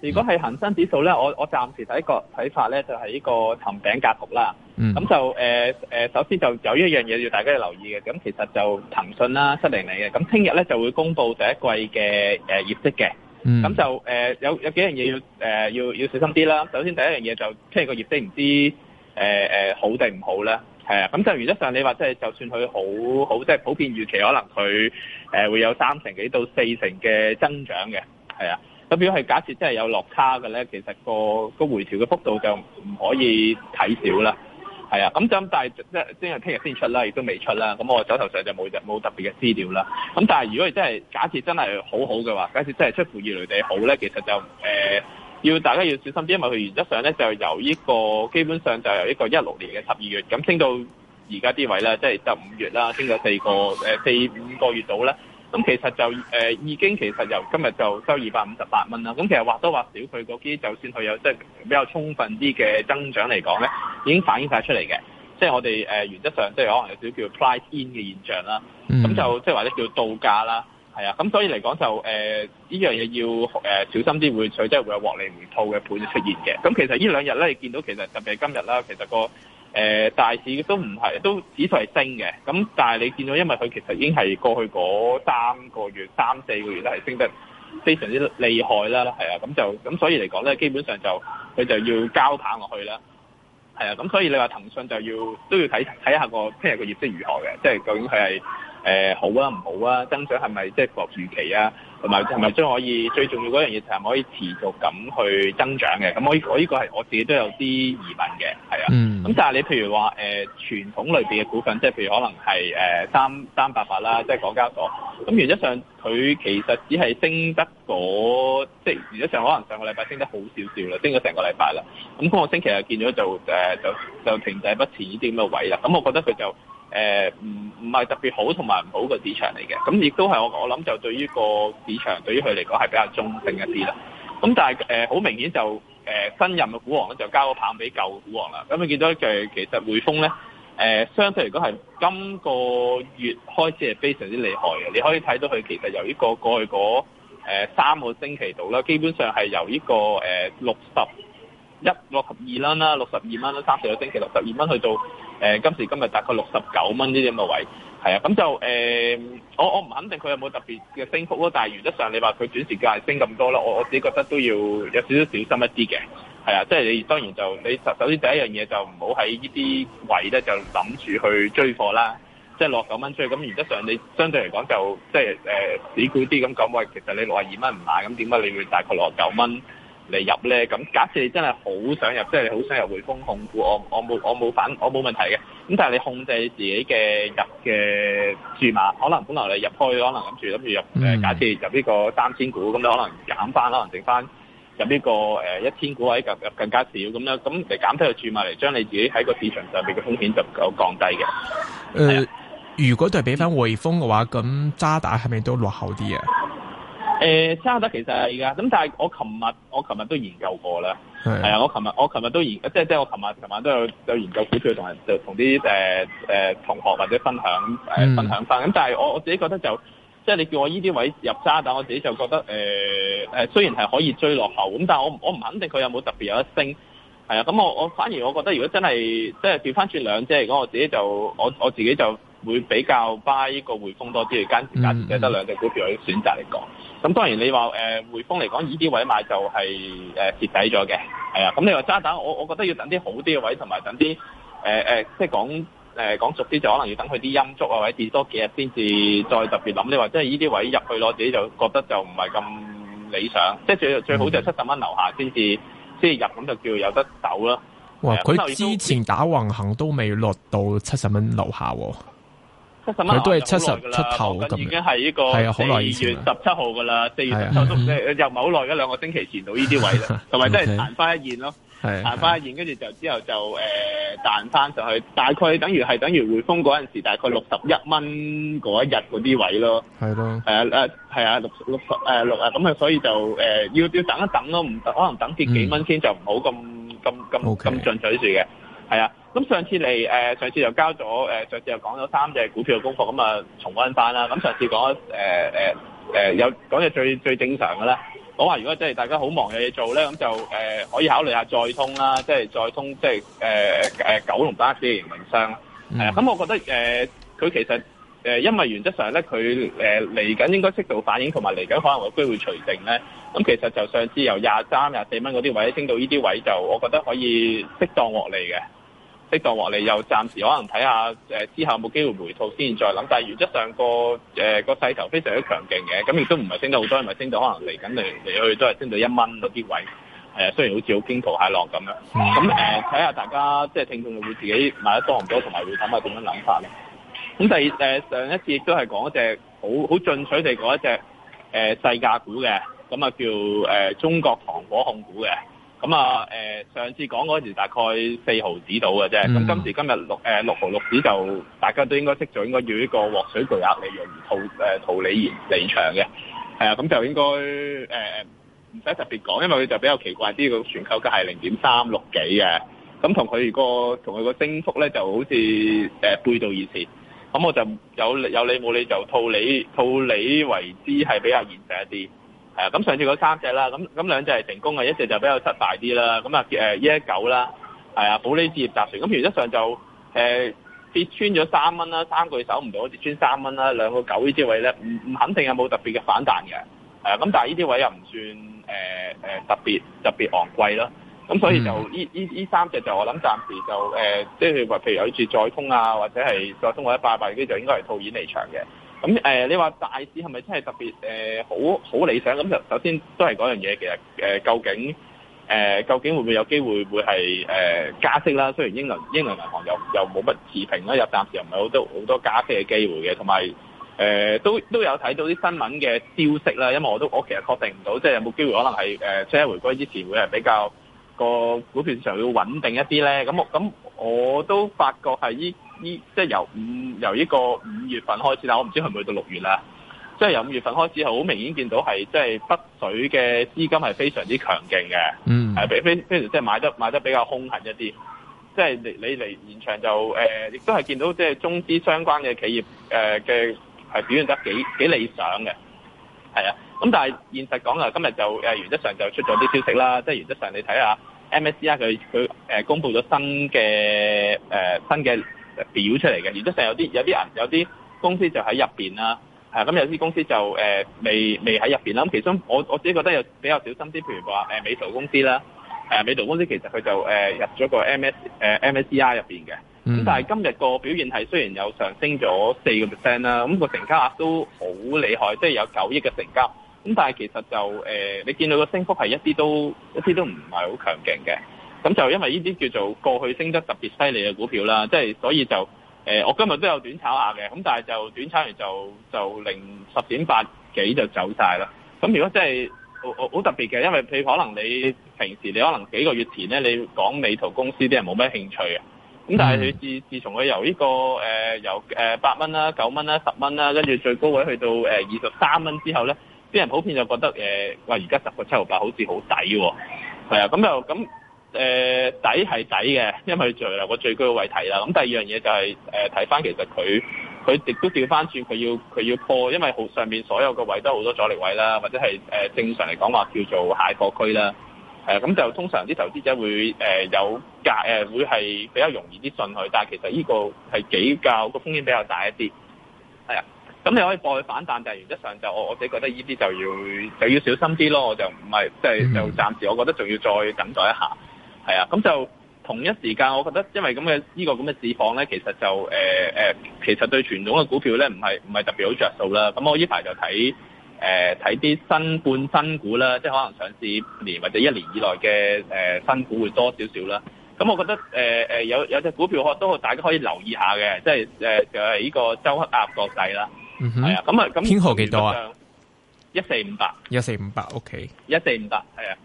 如果係恆生指數咧，我我暫時第一、就是、個睇法咧就係呢個頭餅格局啦。咁、嗯、就、呃、首先就有一樣嘢要大家要留意嘅。咁其實就騰訊啦、七零零嚟嘅。咁聽日咧就會公布第一季嘅誒、呃、業績嘅。咁就、呃、有有幾樣嘢要、呃、要要，要小心啲啦。首先第一樣嘢就聽日個業績唔知、呃呃、好定唔好咧。係啊，咁就原則上你話即係就算佢好好即係、就是、普遍預期，可能佢、呃、會有三成幾到四成嘅增長嘅。係啊。代表係假設真係有落差嘅咧，其實個個回調嘅幅度就唔可以睇少啦。係啊，咁咁但係即係聽日聽日先出啦，亦都未出啦。咁我手頭上就冇冇特別嘅資料啦。咁但係如果真係假設真係好好嘅話，假設真係出乎意料地好咧，其實就誒、呃、要大家要小心啲，因為佢原則上咧就由呢個基本上就由呢個一六年嘅十二月咁升到而家啲位啦，即係就五月啦，升咗四個四五個月度咧。咁其實就誒、呃、已經其實由今日就收二百五十八蚊啦。咁其實或多或少，佢嗰啲就算佢有即係、就是、比較充分啲嘅增長嚟講咧，已經反映晒出嚟嘅。即、就、係、是、我哋、呃、原則上，即、就、係、是、可能有少少叫 price in 嘅現象啦。咁、嗯、就即係或者叫度假啦，係啊。咁所以嚟講就誒呢、呃、樣嘢要小心啲，會取即係會有獲利回吐嘅盤出現嘅。咁其實呢兩日咧，你見到其實特別係今日啦，其實個誒、呃、大市都唔係，都指數係升嘅。咁但係你見到，因為佢其實已經係過去嗰三個月、三四個月都係升得非常之厲害啦。係啊，咁就咁所以嚟講咧，基本上就佢就要交棒落去啦。係啊，咁所以你話騰訊就要都要睇睇下個聽日個業績如何嘅，即係究竟佢係。誒、呃、好啊，唔好啊，增長係咪即係過預期啊？同埋係咪真可以、嗯、最重要嗰樣嘢就係可以持續咁去增長嘅？咁、嗯、我我呢個係我自己都有啲疑問嘅，係啊。咁、嗯、但係你譬如話誒傳統裏面嘅股份，即係譬如可能係誒、呃、三三八八、啊、啦，即係港交所。咁原則上佢其實只係升得嗰，即係原則上可能上個禮拜升得好少少啦，升咗成個禮拜啦。咁嗰個星期，星期就見咗就誒就就，就停滯不前呢啲咁嘅位啦。咁我覺得佢就。誒唔唔係特別好，同埋唔好個市場嚟嘅，咁亦都係我我諗就對於個市場對於佢嚟講係比較中性一啲啦。咁但係誒好明顯就誒、呃、新任嘅股王咧就交個棒俾舊股王啦。咁你見到就係其實匯豐咧誒、呃、相對嚟講係今個月開始係非常之厲害嘅。你可以睇到佢其實由呢個過去嗰、呃、三個星期度啦，基本上係由呢個誒、呃、六十一六十二蚊啦，六十二蚊啦三四個星期六十二蚊去到。誒、呃、今時今日大概六十九蚊呢啲咁嘅位，係啊，咁就誒、呃，我我唔肯定佢有冇特別嘅升幅咯，但係原則上你話佢短時間係升咁多啦，我我自己覺得都要有少少小心一啲嘅，係啊，即係你當然就你首首先第一樣嘢就唔好喺呢啲位咧就諗住去追貨啦，即係落九蚊追，咁原則上你相對嚟講就即係誒，理股啲咁講，喂，其實你六廿二蚊唔買，咁點解你會大概六九蚊嚟入咧，咁假設你真係好想入，即係你好想入匯豐控股，我我冇我冇反，我冇問題嘅。咁但係你控制你自己嘅入嘅注碼，可能本來你入開，可能諗住諗住入誒，嗯、假設入呢個三千股，咁你可能減翻，可能剩翻入呢個誒一千股位，或者更，更加少咁樣，咁你減低個注碼嚟，將你自己喺個市場上面嘅風險就夠降低嘅。誒、呃，是如果對比翻匯豐嘅話，咁渣打係咪都落後啲啊？誒差得其實係㗎，咁但係我琴日我琴日都研究過啦。係啊，我琴日我琴日都研即係即係我琴晚琴晚都有有研究股票，同埋同同啲同學或者分享、呃嗯、分享翻。咁但係我我自己覺得就即係你叫我依啲位入差，但我自己就覺得誒、呃、雖然係可以追落後咁，但係我我唔肯定佢有冇特別有得升係啊。咁、嗯嗯嗯、我我反而我覺得如果真係即係調翻轉兩隻，如果我自己就我我自己就會比較 buy 個匯豐多啲。間時間只係得兩隻股票可以、嗯、選擇嚟講。咁當然你話誒、呃、匯豐嚟講，依啲位買就係誒蝕底咗嘅，係啊。咁你話渣打，我我覺得要等啲好啲嘅位，同埋等啲誒、呃呃、即係講誒、呃、講熟啲，就可能要等佢啲音足啊，或者多幾日先至再特別諗。你話即係依啲位入去咯，我自己就覺得就唔係咁理想，即係最最好就七十蚊樓下先至先至入，咁就叫有得走啦。哇！佢、呃、之前打橫行都未落到七十蚊樓下喎、哦。佢都係七十出頭咁樣，係啊，好耐以前啦。二月十七號噶啦，四月收到，即係又唔係好耐，一兩個星期前到呢啲位啦，同埋即係行翻一線咯，彈翻一線，跟住就之後就誒彈翻上去，大概等於係等於匯豐嗰陣時，大概六十一蚊嗰一日嗰啲位咯，係咯，係啊，誒係啊，六六十誒六啊，咁啊，所以就誒要要等一等咯，唔可能等跌幾蚊先就唔好咁咁咁咁進取住嘅，係啊。咁上次嚟誒，上次又交咗誒，上次又講咗三隻股票嘅功課，咁啊重溫翻啦。咁上次講誒誒有講嘢最最正常嘅咧，我話如果即係大家好忙有嘢做咧，咁就誒、呃、可以考慮下再通啦，即係再通即係誒九龍巴士嘅營運商啦。係啊，咁我覺得誒佢、呃、其實誒、呃，因為原則上咧，佢誒嚟緊應該適度反應，同埋嚟緊可能有機會隨定咧。咁其實就上次由廿三廿四蚊嗰啲位升到呢啲位，就我覺得可以適當獲利嘅。適當落嚟，又暫時可能睇下誒之後冇機會回吐，先再諗。但係原則上、個誒、呃、個勢頭非常之強勁嘅，咁亦都唔係升得好多，係咪升到可能嚟緊嚟嚟去都係升到一蚊嗰啲位，係、呃、啊，雖然好似好驚濤駭浪咁樣。咁誒睇下大家即係、呃、聽眾會,會自己買得多唔多，同埋會諗下點樣諗法咧。咁、嗯、第誒、呃、上一次亦都係講一隻好好進取地講一隻誒細、呃、價股嘅，咁、呃、啊叫誒、呃、中國糖果控股嘅。咁啊，上次講嗰時大概四毫紙到嘅啫，咁、嗯、今時今日六、呃、六毫六紙就大家都應該識做，應該要呢個獲水巨額嚟用套誒套理而，離場嘅，啊，咁就應該唔使、呃、特別講，因為佢就比較奇怪啲個全購價係零點三六幾嘅，咁同佢如果同佢個升幅咧就好似、呃、背道而馳，咁我就有有理冇理就套理套理，理為之，係比較現實一啲。咁上次嗰三隻啦，咁咁兩隻係成功嘅，一隻就比較失敗啲啦。咁啊一一九啦，啊保利置業集團咁原則上就誒跌、啊、穿咗三蚊啦，三個月守唔到跌穿三蚊啦，兩個九呢啲位咧唔唔肯定有冇特別嘅反彈嘅。咁、啊、但係呢啲位又唔算誒、啊啊、特別特別昂貴啦。咁所以就呢、嗯、三隻就我諗暫時就誒即係話譬如好似載通啊或者係載通或者八百，嗰啲就應該係套現離場嘅。咁誒，你話大市係咪真係特別誒好好理想？咁首首先都係嗰樣嘢，其實誒究竟誒究竟會唔會有機會會係誒加息啦？雖然英倫英倫銀行又又冇乜持平啦，又暫時又唔係好多好多加息嘅機會嘅，同埋誒都都有睇到啲新聞嘅消息啦。因為我都我其實確定唔到，即係有冇機會可能係誒加息回歸之前會係比較個股票市場要穩定一啲咧。咁我咁我都發覺係依。依即係由五由依個五月份開始，但我唔知係唔係去到六月啦。即係由五月份開始，係好明顯見到係即係北水嘅資金係非常之強勁嘅，係、mm. 啊、比非非即係買得買得比較兇狠一啲。即係你你嚟現場就誒，亦、呃、都係見到即係中資相關嘅企業誒嘅係表現得幾幾理想嘅，係啊。咁但係現實講啊，今日就誒、呃、原則上就出咗啲消息啦。即係原則上你睇下 MSCI 佢佢誒公布咗新嘅誒、呃、新嘅。表出嚟嘅，然之後成日有啲有啲人有啲公司就喺入邊啦，係咁有啲公司就誒、呃、未未喺入邊啦。咁其中我我自己覺得有比較小心啲，譬如話誒美圖公司啦，誒、呃、美圖公司其實佢就誒、呃、入咗個 MS 誒、呃、MSCI 入邊嘅。咁但係今日個表現係雖然有上升咗四個 percent 啦，咁個成交額都好厲害，即係有九億嘅成交。咁但係其實就誒、呃、你見到個升幅係一啲都一啲都唔係好強勁嘅。咁就因為呢啲叫做過去升得特別犀利嘅股票啦，即係所以就，呃，我今日都有短炒下嘅。咁但係就短炒完就就零十點八幾就走曬啦。咁如果真係好特別嘅，因為譬如可能你平時你可能幾個月前咧，你講美圖公司啲人冇咩興趣嘅，咁但係自自從佢由呢個，呃，由八蚊啦、九蚊啦、十蚊啦，跟住最高位去到二十三蚊之後咧，啲人普遍就覺得嘩，而家十個七毫八好似好抵喎，係啊，咁又咁。誒抵係底嘅，因為在留個最高位睇啦。咁第二樣嘢就係誒睇翻，呃、其實佢佢亦都調翻轉，佢要佢要破，因為好上面所有嘅位都好多阻力位啦，或者係誒、呃、正常嚟講話叫做蟹貨區啦。誒、呃、咁就通常啲投資者會誒、呃、有價誒、呃、會係比較容易啲進去，但係其實呢個係比較個風險比較大一啲。係啊，咁你可以過去反彈，但係原則上就我我自己覺得呢啲就要就要小心啲咯。我就唔係即係就暫時，我覺得仲要再等待一下。係啊，咁就同一時間，我覺得因為咁、這、嘅、個這個這個、呢個咁嘅市況咧，其實就、呃、其實對傳統嘅股票咧，唔係唔係特別好着數啦。咁我呢排就睇睇啲新半新股啦，即係可能上市半年或者一年以內嘅新股會多少少啦。咁我覺得、呃、有有隻股票可都大家可以留意下嘅，即係、呃、就係、是、呢個周黑鴨國際啦。嗯，係啊，咁啊，咁編號幾多啊？一四五八，一四五八，OK，一四五八，係啊。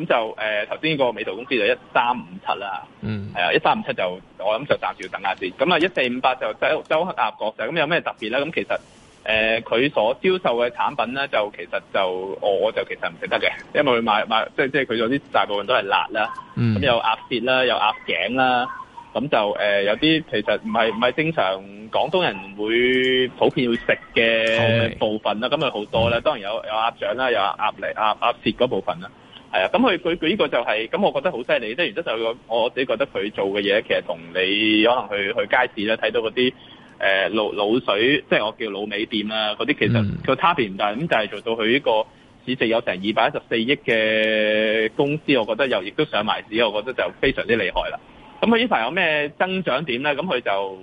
咁就誒頭先個美圖公司就一三五七啦，係啊一三五七就我諗就暫時要等下先。咁啊一四五八就周周黑鴨角就咁有咩特別咧？咁其實誒佢、呃、所銷售嘅產品咧，就其實就我就其實唔食得嘅，因為佢買買即係即係佢有啲大部分都係辣啦，咁、嗯、有鴨舌啦，有鴨頸啦，咁就誒、呃、有啲其實唔係唔係正常廣東人會普遍會食嘅部分啦。咁啊好就多咧，當然有有鴨掌啦，有鴨脷鴨鴨舌嗰部分啦。係啊，咁佢佢佢呢個就係、是，咁我覺得好犀利。即係原則就我自己覺得佢做嘅嘢，其實同你可能去去街市咧睇到嗰啲誒滷水，即係我叫滷味店啦嗰啲，其實個差別唔大。咁但係做到佢呢個市值有成二百一十四億嘅公司，我覺得又亦都上埋市，我覺得就非常之厲害啦。咁佢呢排有咩增長點咧？咁佢就誒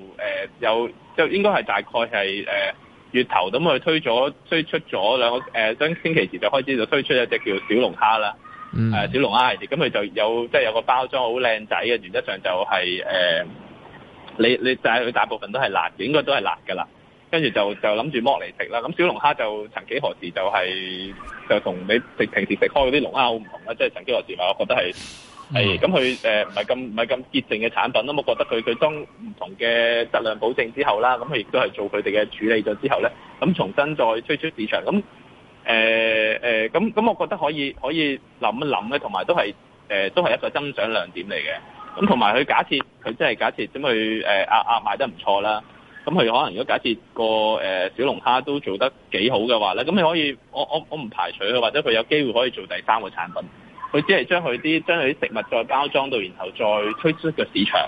有、呃，就應該係大概係誒、呃、月頭咁佢推咗推出咗兩個誒，將、呃、星期時就開始就推出一隻叫小龍蝦啦。誒、嗯 uh，小龍蝦嚟嘅，咁佢就有即係有個包裝好靚仔嘅，原則上就係、是、誒、呃，你你但係佢大部分都係辣嘅，應該都係辣㗎啦。跟住就就諗住剝嚟食啦。咁小龍蝦就曾幾何時就係、是、就同你食平時食開嗰啲龍蝦好唔同啦，即係曾幾何時話我覺得係係咁佢誒唔係咁唔係咁潔淨嘅產品啦。我覺得佢佢、嗯呃、當唔同嘅質量保證之後啦，咁佢亦都係做佢哋嘅處理咗之後咧，咁重新再推出市場咁。誒、呃、誒，咁、呃、咁，呃、我覺得可以可以諗一諗咧，同埋都係誒、呃、都係一個增長亮點嚟嘅。咁同埋佢假設佢真係假設點佢誒啊啊賣得唔錯啦。咁、嗯、佢可能如果假設個誒、呃、小龍蝦都做得幾好嘅話咧，咁你可以我我我唔排除佢或者佢有機會可以做第三個產品。佢只係將佢啲將佢啲食物再包裝到，然後再推出個市場。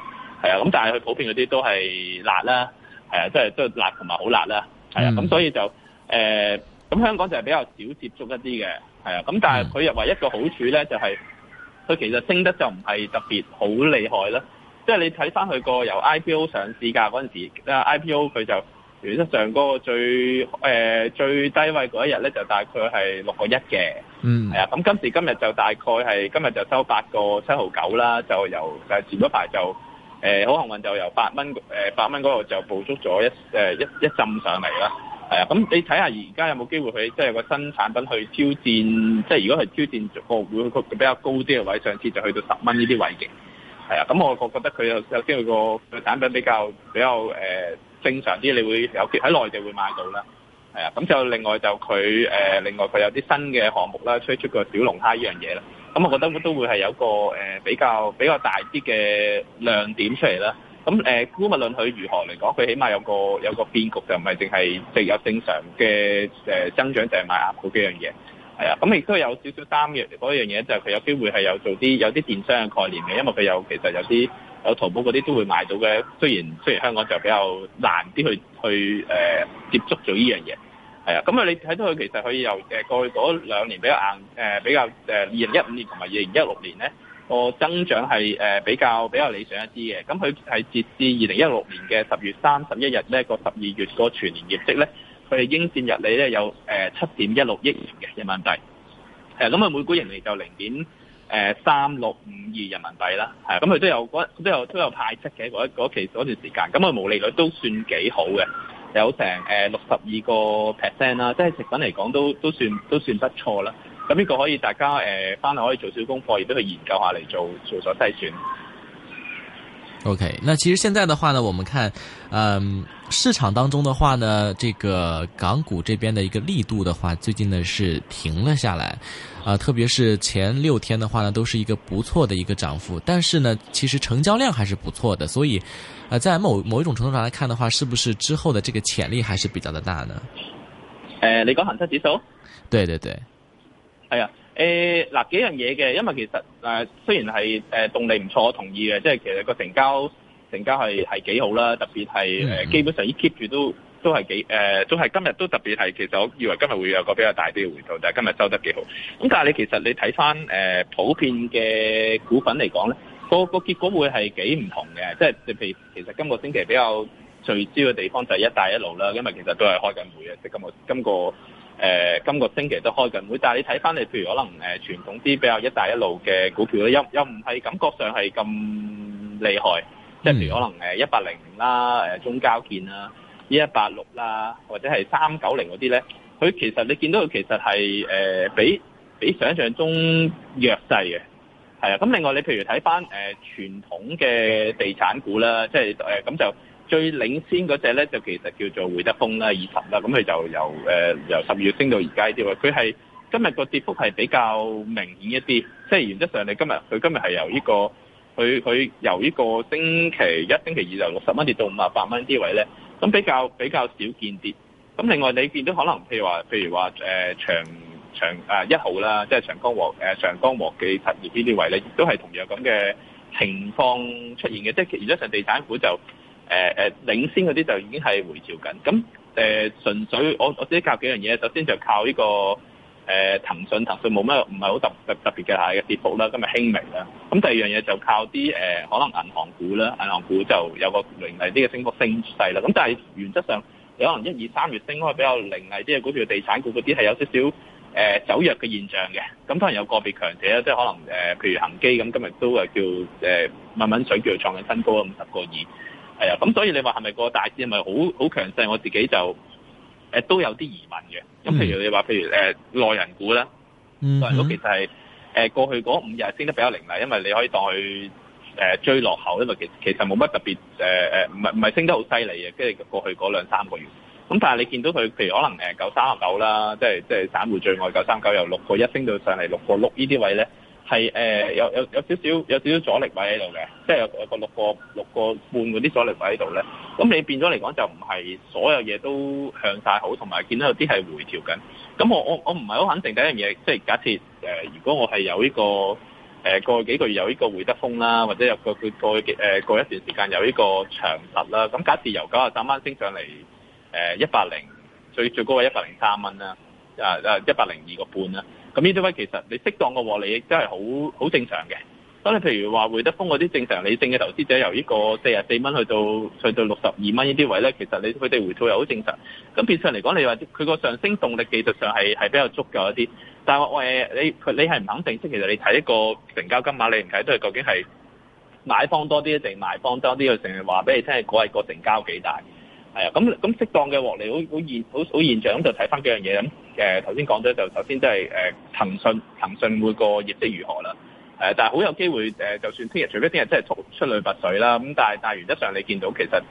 係啊，咁但係佢普遍嗰啲都係辣啦，係啊，即係都係辣同埋好辣啦，係啊，咁、嗯嗯、所以就、呃咁香港就係比較少接觸一啲嘅，啊，咁但係佢又唯一個好處咧，就係、是、佢其實升得就唔係特別好厲害啦。即、就、係、是、你睇翻佢個由 IPO 上市價嗰陣時，IPO 佢就原則上嗰個最、呃、最低位嗰一日咧，就大概係六個一嘅。嗯、mm.。啊，咁今時今日就大概係今日就收八個七毫九啦，就由但係前排就好、呃、幸運就由八蚊八蚊嗰度就捕捉咗一、呃、一一浸上嚟啦。係啊，咁你睇下而家有冇機會佢即係個新產品去挑戰，即係如果佢挑戰個會個比較高啲嘅位，上次就去到十蚊呢啲位嘅。係啊，咁我覺得佢有首先個產品比較比較、呃、正常啲，你會有喺內地會買到啦。係啊，咁就另外就佢、呃、另外佢有啲新嘅項目啦，推出個小龍蝦一樣嘢啦。咁我覺得都會係有個、呃、比較比較大啲嘅亮點出嚟啦。咁、嗯、誒，估無論佢如何嚟講，佢起碼有個有個變局，就唔係淨係即有正常嘅增長，就係買鴨嗰幾樣嘢，係啊。咁亦都有少少擔嘅嗰一樣嘢，就係佢有機會係有做啲有啲電商嘅概念嘅，因為佢有其實有啲有淘寶嗰啲都會買到嘅。雖然雖然香港就比較難啲去去，呃、接觸做呢樣嘢，係啊。咁、嗯、啊，你睇到佢其實佢又過去嗰兩年比較硬誒，呃、比較二零一五年同埋二零一六年咧，個增長係誒比較比較理想一啲嘅，咁佢係截至二零一六年嘅十月三十一日呢個十二月個全年業績呢，佢係應佔溢利呢有誒七點一六億元嘅人民幣。係咁啊每股盈利就零點誒三六五二人民幣啦，係咁佢都有都有都有派息嘅嗰期嗰段時間，咁啊毛利率都算幾好嘅，有成誒六十二個 percent 啦，即係食品嚟講都都算都算不錯啦。咁呢個可以大家誒翻嚟可以做少功課，亦都去研究下嚟做做咗計算。OK，那其實現在的話呢，我們看，嗯、呃，市場當中的話呢，這個港股這邊的一個力度的話，最近呢是停了下來，啊、呃，特別是前六天的話呢，都是一個不錯的一個漲幅，但是呢，其實成交量還是不錯的，所以，啊、呃，在某某一種程度上來看的話，是不是之後的這個潛力還是比較的大呢？誒、呃，你講恒生指數？對對對。係啊，誒、呃、嗱幾樣嘢嘅，因為其實誒、呃、雖然係誒、呃、動力唔錯，我同意嘅，即係其實個成交成交係係幾好啦，特別係、呃、基本上依 keep 住都都係幾誒，都係、呃、今日都特別係其實我以為今日會有個比較大啲嘅回頭但係、就係、今日收得幾好。咁但係你其實你睇翻誒普遍嘅股份嚟講咧，個個結果會係幾唔同嘅，即係譬如其實今個星期比較聚焦嘅地方就係一帶一路啦，因為其實都係開緊會嘅，即係今個今個。今個誒今個星期都開緊會，但係你睇翻你譬如可能誒傳統啲比較一帶一路嘅股票咧，又又唔係感覺上係咁厲害，即係譬如可能誒一八零零啦、誒中交建啦、一一八六啦，或者係三九零嗰啲咧，佢其實你見到佢其實係誒比比想象中弱勢嘅，係啊，咁另外你譬如睇翻誒傳統嘅地產股啦，即係誒咁就。最領先嗰隻咧，就其實叫做會德豐啦、二十啦，咁、嗯、佢就由誒、呃、由十二月升到而家啲位。佢係今日個跌幅係比較明顯一啲，即係原則上你今日佢今日係由呢個佢佢由呢個星期一、星期二就六十蚊跌到五啊八蚊啲位咧，咁比較比較少見啲。咁另外你見到可能譬如話譬如話誒、呃、長長啊一號啦，即係長江和誒長江和記實業呢啲位咧，都係同樣咁嘅情況出現嘅。即係原則上地產股就。誒、呃、誒，領先嗰啲就已經係回調緊。咁誒、呃，純粹我我自己靠幾樣嘢。首先就靠呢、這個誒騰訊，騰訊冇咩，唔係好特特特別嘅下跌嘅跌幅啦。今日輕微啦。咁第二樣嘢就靠啲誒、呃，可能銀行股啦，銀行股就有個凌厲啲嘅升幅升勢啦。咁但係原則上，可能一二三月升開比較凌厲啲嘅股票，地產股嗰啲係有少少誒、呃、走弱嘅現象嘅。咁當然有個別強者啦，即係可能誒、呃，譬如恒基咁，今日都誒叫誒揾揾水，叫佢創緊新高五十個二。係啊，咁所以你話係咪個大市係咪好好強勢？我自己就、呃、都有啲疑問嘅。咁譬如你話，譬如誒、呃、內人股啦，內人股其實係、呃、過去嗰五日升得比較凌厲，因為你可以當佢誒追落後，因為其實其實冇乜特別誒唔係唔係升得好犀利嘅。跟住過去嗰兩三個月，咁但係你見到佢譬如可能誒九三九啦，即係即係散戶最愛九三九由六個一升到上嚟六個六，呢啲位咧。係誒、呃、有有有，有少少有少少阻力位喺度嘅，即係有有個六個六個半嗰啲阻力位喺度咧。咁你變咗嚟講就唔係所有嘢都向曬好，同埋見到有啲係回調緊。咁我我我唔係好肯定第一樣嘢，即係假設、呃、如果我係有呢個誒、呃、過去幾個月有呢個匯得風啦，或者有個佢過去、呃、過去一段時間有呢個長實啦。咁假設由九啊三蚊升上嚟誒一百零最最高係一百零三蚊啦，啊一百零二個半啦。咁呢啲位其實你適當嘅獲利亦都係好好正常嘅。當你譬如話匯得豐嗰啲正常理性嘅投資者，由呢個四十四蚊去到去到六十二蚊呢啲位咧，其實你佢哋回吐又好正常。咁變相嚟講，你話佢個上升動力技術上係係比較足夠一啲。但係我誒你佢你係唔肯定即其實你睇一個成交金額，你唔睇都係究竟係買方多啲定賣方多啲。佢成日話俾你聽係嗰個成交幾大啊。咁咁適當嘅獲利好好現好好現象，就睇翻幾樣嘢咁。誒頭先講咗就首先即係誒騰訊騰訊每個業績如何啦，誒、呃、但係好有機會誒、呃，就算聽日除非聽日真係出出類拔萃啦，咁但係但係原則上你見到其實誒、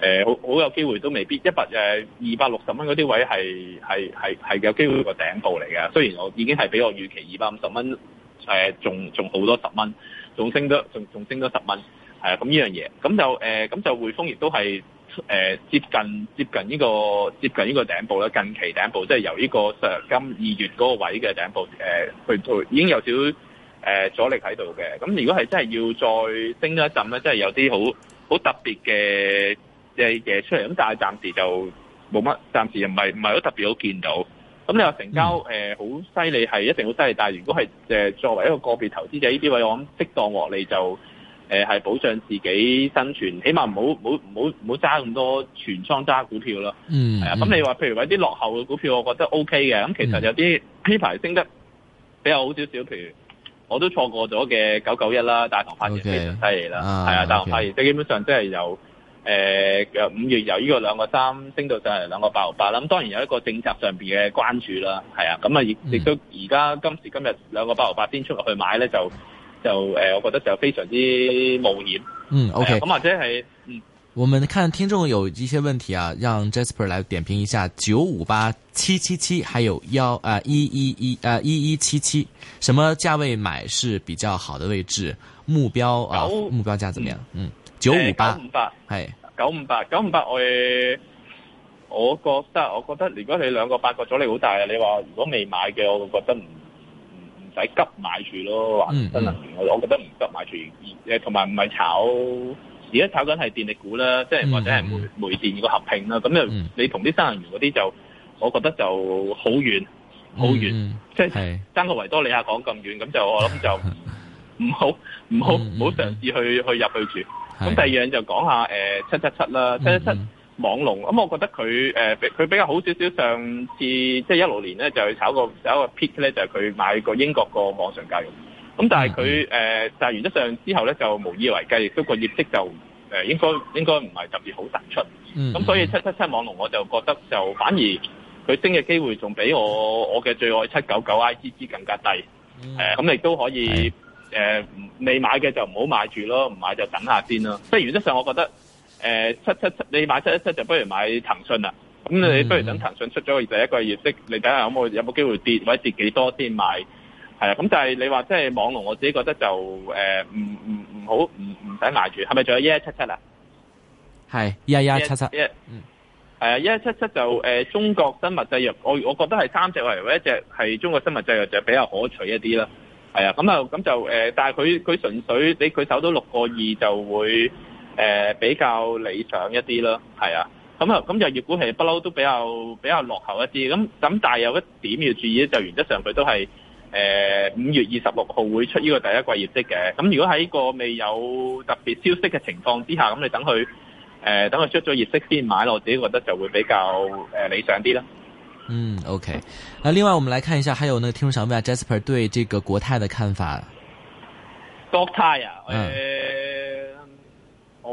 呃、好好有機會都未必一百誒、呃、二百六十蚊嗰啲位係係係係有機會個頂部嚟嘅，雖然我已經係比我預期二百五十蚊誒仲仲好多十蚊，仲升得仲仲升咗十蚊，係啊咁呢樣嘢，咁就誒咁、呃、就匯豐亦都係。蜂蜂誒接近接近呢、這個接近呢個頂部啦，近期頂部即係、就是、由呢個上今二月嗰個位嘅頂部誒、呃、去推，已經有少少誒阻力喺度嘅。咁如果係真係要再升一陣咧，即係有啲好好特別嘅嘅嘢出嚟。咁但係暫時就冇乜，暫時又唔係唔係好特別好見到。咁你話成交誒好犀利係一定好犀利，但係如果係誒作為一個個別投資者呢啲位，我諗適當獲利就。誒、呃、係保障自己生存，起碼唔好唔好唔好唔好揸咁多全倉揸股票咯。嗯，係啊。咁、嗯、你話譬如話啲落後嘅股票，我覺得 O K 嘅。咁其實有啲呢排升得比較好少少，譬如我都錯過咗嘅九九一啦，大同發現非常犀利啦。係、okay, uh, 啊，大同發現即基本上即係由誒五月由呢個兩個三升到上嚟兩個八毫八啦。咁當然有一個政策上面嘅關注啦。係啊，咁啊亦亦都而家今時今日兩個八毫八先出嚟去買咧就。就誒、呃，我覺得就非常之冒險。嗯，OK、呃。咁或者係，嗯，我們看聽眾有一些問題啊，讓 Jasper 來點評一下九五八七七七，958, 777, 還有幺啊一一一啊一一七七，1177, 什麼價位買是比較好的位置？目標、嗯、啊，目標價怎麼樣？嗯，九五八，九五八係九五八，九五八我我覺得，我覺得如果你兩個八個阻力好大啊，你話如果未買嘅，我會覺得唔使急買住咯，話新能源我我覺得唔急買住，誒同埋唔係炒，而家炒緊係電力股啦，即係或者係煤煤電個合併啦，咁、嗯、又你同啲新能源嗰啲就，我覺得就好遠好遠，即係爭個維多利亞港咁遠，咁就我諗就唔好唔好唔好嘗試去去入去住，咁第二樣就講下誒七七七啦，七七七。777, 777, 嗯嗯網龍咁、嗯，我覺得佢佢、呃、比較好少少。上次即係一六年咧，就去炒個炒個 pic 咧，就係、是、佢買個英國個網上教育。咁但係佢誒，但係、呃、原則上之後咧，就無以為繼，亦都個業績就、呃、應該應該唔係特別好突出。咁、嗯嗯、所以七七七網龍我就覺得就反而佢升嘅機會仲比我我嘅最愛七九九 IGG 更加低。咁亦都可以、呃、未買嘅就唔好買住咯，唔買就等下先咯。即係原則上，我覺得。誒、呃，七七七，你買七一七就不如買騰訊啦。咁你不如等騰訊出咗個第一個業績、嗯，你睇下有冇有冇機會跌，或者跌幾多先買。係啊，咁但係你話即係網龍，我自己覺得就誒，唔唔唔好，唔唔使挨住。係咪仲有一一七七啊？係一一七七一。係、yeah，啊，一一七七就誒，中國生物製藥，我我覺得係三隻為，或者一隻係中國生物製藥就比較可取一啲啦。係啊，咁啊，咁就誒、呃，但係佢佢純粹你，你佢守到六個二就會。誒、呃、比較理想一啲咯，係啊，咁、嗯嗯嗯嗯嗯 okay. 啊，咁就業股係不嬲都比較比較落後一啲，咁咁但係有一點要注意咧，就原則上佢都係誒五月二十六號會出呢個第一季業績嘅，咁如果喺個未有特別消息嘅情況之下，咁你等佢誒等佢出咗業績先買咯，我自己覺得就會比較誒理想啲啦。嗯，OK。嗱，另外我們來看一下，還有呢聽眾想問 Jasper 對這個國泰的看法。國泰啊，誒、嗯。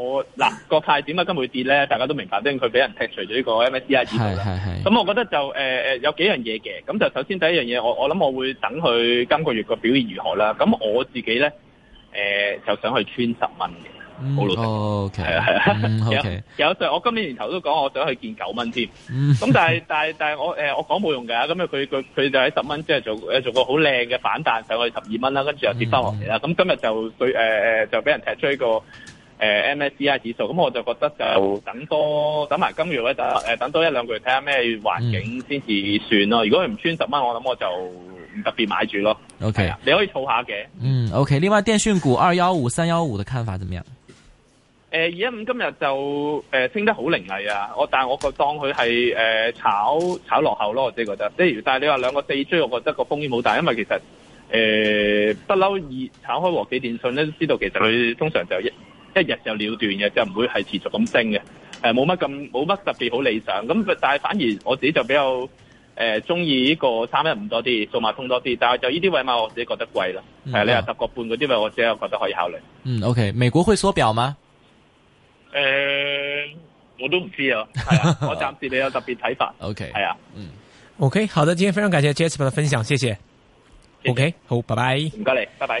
我嗱個泰點解，今日會跌咧，大家都明白，因為佢俾人踢除咗呢個 MSCI 之外啦。咁我覺得就誒誒有幾樣嘢嘅。咁就首先第一樣嘢，我我諗我會等佢今個月個表現如何啦。咁我自己咧誒就想去穿十蚊嘅，好老實。係啊係啊，有時我今年年頭都講我想去見九蚊添。咁但係但係但係我誒我講冇用㗎。咁啊佢佢佢就喺十蚊即係做誒做個好靚嘅反彈上去十二蚊啦，跟住又跌翻落嚟啦。咁今日就佢誒誒就俾人踢出一個。誒、呃、MSCI 指數，咁我就覺得就等多等埋今月咧，等多一兩個月睇下咩環境先至算咯。嗯、如果佢唔穿十蚊，我諗我就唔特別買住咯。OK 啊，你可以儲下嘅。嗯，OK。另外電訊股二幺五三幺五嘅看法點樣？誒二一五今日就誒、呃、升得好凌厲啊！我但係我覺當佢係誒炒炒落後咯，我己覺得。係如，但係你話兩個四 G，我覺得個風險好大，因為其實誒不嬲二炒開和記電訊咧，都知道其實佢通常就一。一日就了斷嘅，就唔會係持續咁升嘅，係冇乜咁，冇乜特別好理想。咁但係反而我自己就比較誒中意呢個三一五多啲，數碼通多啲，但係就呢啲位嘛，我自己覺得貴啦。係、嗯、你話十個半嗰啲位，我自己又覺得可以考慮。嗯，OK，美國會縮表嗎？誒、呃，我都唔知啊，係啊，我暫時未有特別睇法。OK， 係啊，okay, 嗯，OK，好的，今天非常感謝 Jasper 嘅分享，謝謝，謝謝。OK，好，拜拜。唔該你，拜拜。